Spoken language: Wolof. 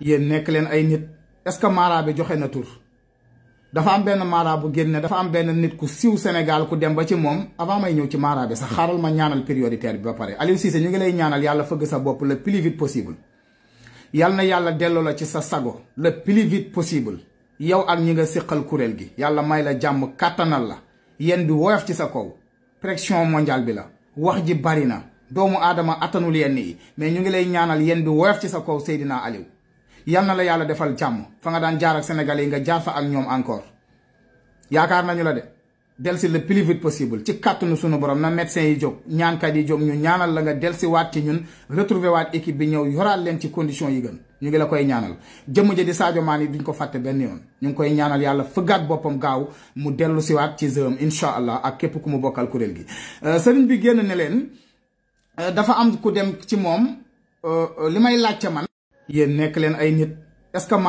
yéen nekk leen ay nit est-ce que mara bi joxe na tur dafa am benn mara bu génne dafa am benn nit ku siiw Sénégal ku dem ba ci moom avant may ñëw ci mara bi sax xaaral ma ñaanal prioritaire bi ba pare Aliou Cissé ñu ngi lay ñaanal yàlla fëgg sa bopp le plus vite yàlla na yàlla delloo la ci sa sago le plus vite possible yow ak ñi nga séqal kuréel gi yàlla may la jàmm kàttanal la yéen bi woyof ci sa kaw pression mondiale bi la wax ji bari na doomu aadama attanul yenn yi mais ñu ngi lay ñaanal yéen bi woyof ci sa kaw Seydina Aliou yal la yàlla defal jàmm fa nga daan jaar ak sénégalais yi nga jaar fa ak ñoom encore yaakaar nañu la de delsi le plus vite possible ci kàttanu sunu borom na médecin yi jóg ñaankat yi jóg ñu ñaanal la nga delsi waat ci ñun retrouver waat équipe bi ñëw yoraal leen ci condition yi gën ñu ngi la koy ñaanal jëmm ja di Sadio Mané duñ ko fàtte benn yoon ñu ngi koy ñaanal yàlla fëggaat boppam gaaw mu dellu si waat ci zëm incha allah ak képp ku mu bokkal kuréel gi euh, sëriñ bi génn ne leen euh, dafa am ku dem ci moom euh, li may laajte man yéen nekk leen ay nit est-ce que